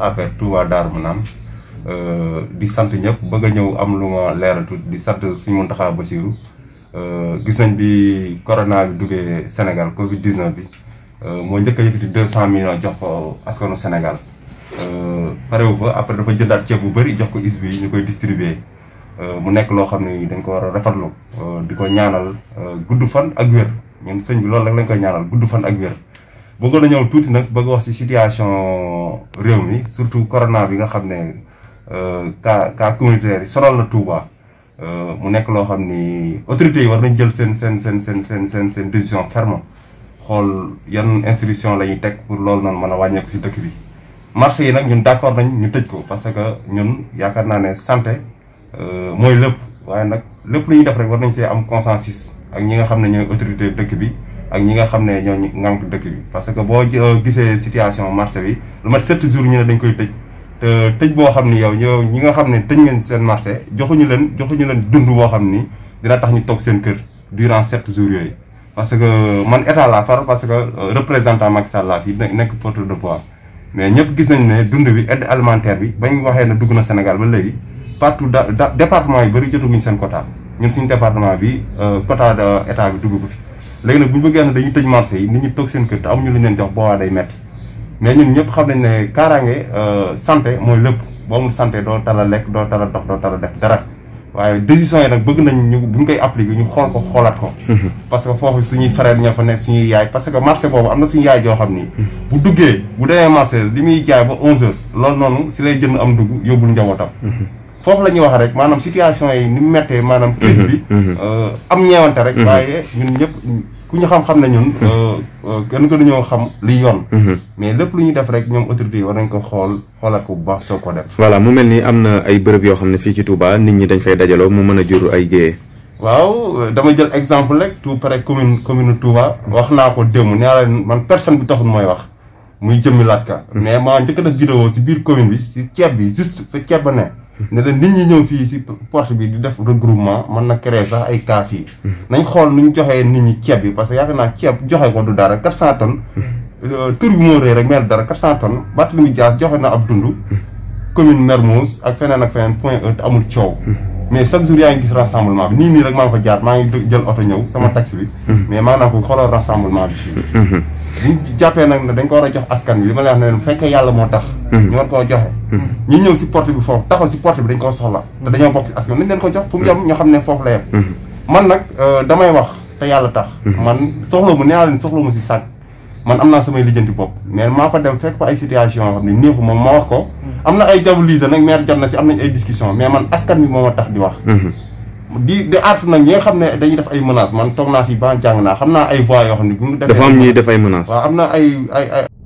APR Touba Darou Manane euh, di sant ñëpp bëgg a ñëw am lu ma leeral tuuti di sant suñu Mountakha Bassirou euh, gis nañ bi corona bi duggee Sénégal Covid 19 bi euh, moo njëkk a yëkkati deux cent millions jox ko askanu Sénégal parewu fa après dafa jëndaat ceeb bu bëri jox ko is bi ñu koy distribuer mu nekk loo xam ne dañ ko war a rafetlu di ko ñaanal gudd fan ak wér ñun sëñ bi loolu rek lañ koy ñaanal gudd fan ak wér. bëggoon na ñëw tuuti nag bëgg wax ci situation réew mi surtout corona bi nga xam ne kaa euh, cas communautaire yi sonal na Touba euh, mu nekk loo xam ni autorités yi war nañ jël seen seen seen seen seen seen seen décision ferme xool yan institution la ñuy teg pour loolu noonu mën a wàññeeku ci dëkk bi. marché yi nag ñun d'accord nañ ñu tëj ko parce que ñun yaakaar naa ne santé euh, mooy lépp waaye nag lépp lu ñuy def rek war nañ see am consensus ak ñi nga xam ne ñooy autorité dëkk bi. ak ñi nga xam ne ñoo ŋànk dëkk bi parce que boo gisee situation marché bi lu mat sept jours ñu ne dañ koy tëj te tëj boo xam ni yow ñoo ñi nga xam ne tëj ngeen seen marché joxuñu leen joxuñu leen dund boo xam ni dina tax ñu toog seen kër durant sept jours yooyu parce que man état laa far parce que euh, représentant max Sall yi fi nekk porte de voix mais ñëpp gis nañ ne dund bi aide alimentaire bi bañ waxee ne dugg na Sénégal ba léegi partout da département yi bëri jotaguñ seen quota ñun suñu département bi euh, quota de état bi dugg ko fi léegi nag bu ñu bëggee ne dañuy tëj marché yi nit ñi toog seen kër te amuñu lu ñu leen jox boobaa day metti ne ñun ñëpp xam nañ ne kaaraange euh, sante mooy lépp boo amul santé doo tala lekk doo tala dox doo tala def dara waaye décision yi nag bëgg nañ ñu bu ñu koy appliquer ñu xool ko xoolaat ko mm-hmm. parce que foofu suñuy frère ñoo fa nekk suñuy yaay parce que marché boobu am na suñu yaay joo xam ni mm-hmm. bu duggee bu demee marché li muy jaay ba onze heures loolu si lay jënd am dugg yóbbul njabootam mm-hmm. foofu la ñuy wax rek maanaam situation yi ni mu méttee maanaam. Mhm, crise bi mhm. euh, am ñeewante rek. Mhm. waaye ñun ñëpp ku ñu xam-xam ne ñun. gën euh, euh, gënuñoo xam liy yoon. mais lépp lu ñuy def rek ñoom autorité yi war nañ ko xool xoolaat ko bu baax soo ko def. voilà mu mel ni am na ay bërëb yoo xam ne fii ci Touba nit ñi dañ fay dajaloo mu mën a jur ay géeyee. waaw dama jël exemple rek tout près commune commune Touba. wax naa ko démb nee naa personne bi taxul mooy wax muy jëmmi laat ka mais maa njëkk a def vidéo si biir commune bi si ceeb bi juste ceeb ba ne. ne leen nit ñi ñëw fii si porte bi di def regroupement mën na créer sax ay cas fii. nañ xool nu ñu joxee nit ñi ceeb bi parce que yaakaar naa ceeb joxe ko du dara 400 tonnes. tur euh, bi moo rëy rek mel dara 400 tonnes Barthélémy Dias joxe na ab dund. commune Mermoz ak feneen ak feneen point E amul coow. mais chaque jour yaa ngi gis rassemblement bi nii nii rek maa ngi fa jaar maa ngi jël oto ñëw sama taxi bi. mais maa naa ko xoolal rassemblement bi fii. bu ñu jàppee nag dañ ko war a jox askan bi li ma lay wax fekkee yàlla moo tax. Mm-hmm. ñu war koo joxe mm-hmm. ñi ñëw si porte bi foofu taxaw si porte bi dañ koo soxla mm-hmm. te dañoo bokk si askan nañ leen ko jox fu mu jëm ñoo xam la yem man nag euh, damay mu nee naa mu si sànq man am naa samay lijjanti bopp mais maa fa dem fekk fa ay situation yoo moom ma wax ko am na ay javelise nag maire jot na si am nañ ay discussion mais man askan bi moo ma tax di wax di di aartu nag ñi nga xam ne dañu def ay menaces man toog naa si ban jàng naa xam naa ay voix yoo xam ne bu ñu dafa am ñuy def ay menaces waaw am na ay ay ay